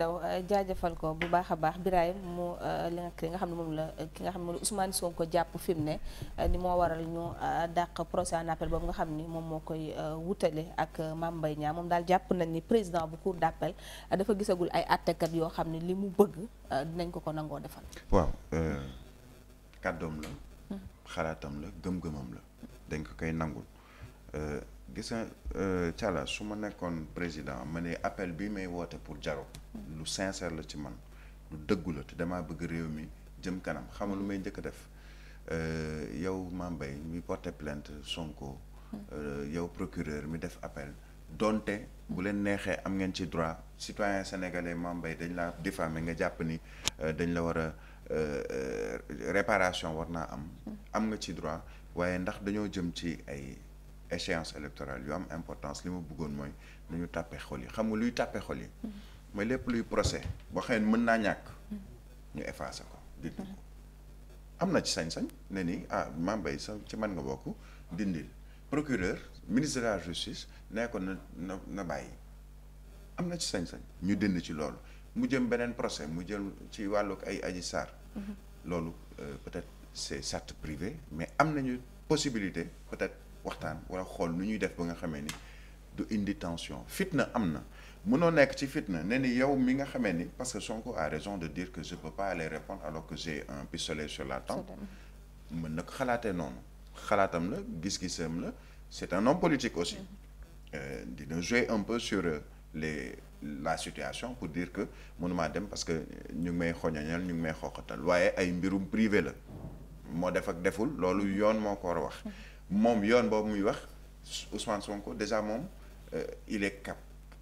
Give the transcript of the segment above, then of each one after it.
daw eh, jaajëfal ko bu baax a baax Birahim mu eh, li nga li nga xam ne moom la ki nga xam ne moom la Ousmane ko jàpp fi ne eh, ni moo waral ñu dàq procès en appel boobu nga xam ni moom moo koy wutale ak Mame Mbaye Niang moom daal jàpp nañ ni président bu cour d'appel dafa gisagul ay àttekat yoo xam ne li mu bëgg dinañ ko ko nangoo defal. waaw kàddoom la. xalaatam la gëm-gëmam la dañ ko koy nangul. gis nga euh, Thiala su ma nekkoon président ma ne appel bi may woote pour jaro lu sincère la ci man lu dëggu la te damaa bëgg réew mi jëm kanam xam lu may njëkk a def euh, yow Mame Mbaye mi porté plainte Sonko euh, yow procureur mi def appel donte bu leen neexee am ngeen ci droit citoyen sénégalais Mame Mbaye dañ laa diffamé nga jàpp ni dañ la war a réparation war naa am am nga ci droit waaye ndax dañoo jëm ci ay échéance électorale yu am importance li ma bëggoon mooy lu ñu tàppe xol yi xam nga luy tàppe xol yi mooy lépp luy procès boo xamee mën naa ñàkk ñu effacé ko dindi ko am na ci sañ-sañ ne ni ah Mame Mbaye sa ci man nga bokk dindil procureur ministre la justice nee ko na na bàyyi am na ci sañ-sañ ñu dind ci loolu mu jëm beneen procès mu jël ci wàllu ay Adji Sarr mm-hmm. loolu euh, peut-être c'est certes privé mais am nañu possibilité peut-être waxtaan wala xool lu ñuy def ba nga xamee ni du indi tension fitna am na mënoo nekk ci fitna ne ni yow mi nga xamee ni parce que Sonko a raison de dire que je peux pas aller répondre alors que j'ai un pistolet sur la tempe mën nag ko xalaatee noonu xalaatam la gis-gisam la c'est un homme politique aussi euh, dina jouer un peu sur euh, les la situation pour dire que mënumaa dem parce que ñu ngi may xoñoñal ñu ngi may xooqatal waaye ay mbirum privé la moo def ak deful loolu yoon moo ko war a wax moom yoon boobu muy wax Ousmane Sonko déjà moom euh, il est cap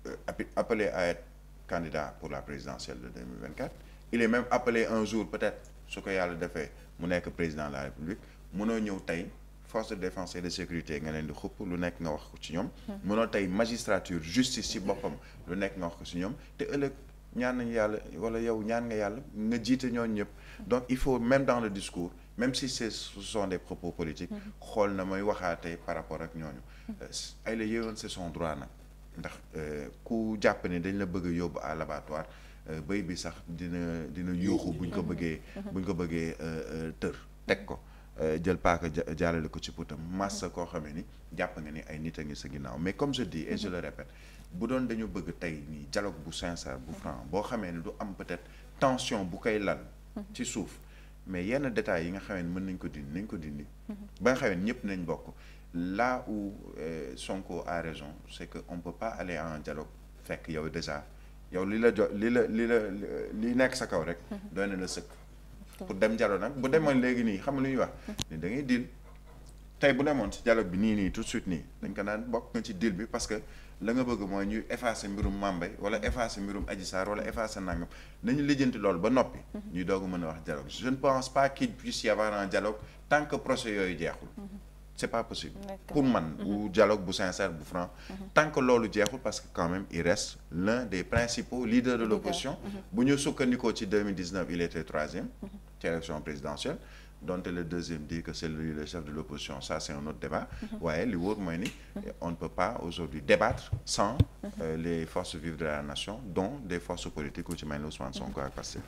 euh, appelé à être candidat pour la présidentielle de 2024 il est même appelé un jour peut-être su ko yàlla defee mu nekk président de la République mënoo ñëw tey force de défense et de sécurité nga leen di xupp lu nekk nga wax ko ci ñoom hmm. mënoo tey magistrature justice ci boppam lu nekk nga wax ko ci ñoom te ëllëg ñaan nañu yàlla wala yow ñaan nga yàlla nga jiite ñooñu ñëpp hmm. donc il faut même dans le discours même si ce sont des propos politiques mm-hmm. xool na mooy waxaatee par rapport ak ñooñu mm-hmm. euh, ay la yéewoon c'est son droit nag ndax euh, ku jàpp ni dañ la bëgg yóbbu à l'abattoir euh, bëy bi sax dina dina yuuxu buñ ko mm-hmm. bëggee buñ ko bëggee tër teg ko jël paaka jaarale ko ci putam massa koo xamee ni jàpp nga ni ay nit a ngi sa ginnaaw mais comme je dis et je le répète bu doon dañu bëgg tey nii dialogue bu sincère bu franc boo xamee ni du am peut-être tension bu koy lal ci suuf mais yenn détails yi nga xamee ne mën nañ ko dindi nañ ko dindi. Mm-hmm. ba nga xamee ne ñëpp nañ bokk là où euh, Sonko a raison c' est que on peut pas aller en dialogue fekk yow déjà yow li la jo li la li la li nekk sa kaw rek. Mm-hmm. doy na la sëkk. pour dem dialogue nag bu demoon léegi nii xam lu ñuy wax. Mm-hmm. ni da ngay deal tey bu demoon si dialogue bi nii nii tout de suite nii dañ ko naan bokk nga ci deal bi parce que. la nga bëgg mooy ñuy effacer mbirum Mambay wala effacer mbirum Adji Sarr wala effacer na ñu lijjanti lool ba noppi. Mhm. ñuy doog a mën a wax dialogue jeune ne pense pas qu'il puisse y avoir un tant que procès yooyu jeexul. Mhm. c'est pas possible pour man mhm. ou dialogue bu sincère bu franc mhm. tant que loolu jeexul parce que quand même il reste l'un des principaux leaders de l'opposition mhm. bu ñu sukkandikoo ci 2019 il était troisième ci élection présidentielle dont le deuxième dit que c'est lui le chef de l'opposition ça c'est un autre débat waaye li wóor mooy ni eh, on ne peut pas aujourd'hui débattre sans euh, les forces vives de la nation dont des forces politiques ku ci mel ni Ousmane Sonko ak Pastef